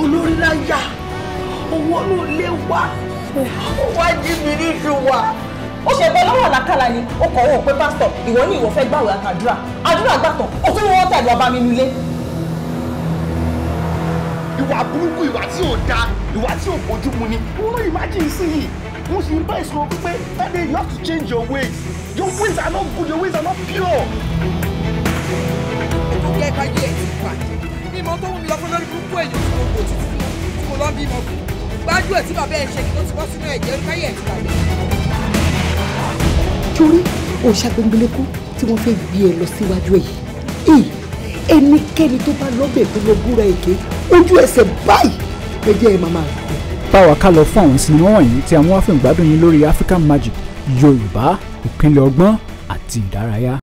olórí láyà owó ló lé wá ó wá jí mi ní ṣùwà. ó ṣe pé lọ́wọ́ àlákàlà ni ó kọ̀ wọ́n pé pásítọ̀ ìwọ ni ìwọ fẹ́ gbàwé àtàdúrà àdúrà gbàtàn ó tún wọ́n tàbí ọba mi nílé. ìwà burúkú ìwà tí ò dáa ìwà tí ò bójú mu ni wọ́n imagine sí yìí mo sì ń bá ìṣòro pé that day you have to change your ways your ways are not good your ways are not pure. ọmọ tó wù mí lọ́kọ́ lórí kúkú èyí tí mo wò títí tí mo lọ́ bímọ fún gbájú ẹ̀ tí bàbá ẹ̀ ṣe kí ló ti bọ́ sínú ẹ̀jẹ̀ káyẹ̀ ẹ̀ ti bàjẹ́. torí òòṣà gbẹngbẹlẹkú tí wọ́n fẹ́ gbé ẹ lọ síwájú ẹ̀ yìí ẹnikẹ́ni tó bá lọ́bẹ̀ tó lọ búra èké ojú ẹsẹ̀ báyìí lẹ́jẹ̀ ẹ̀ máa báwa ká lọ fún àwọn sinimá wọ̀nyí tí àwọn wá fún ìgbádùn yín lórí African Magic Yorùbá ìpínlẹ̀ ọgbọ́n àti ìdárayá.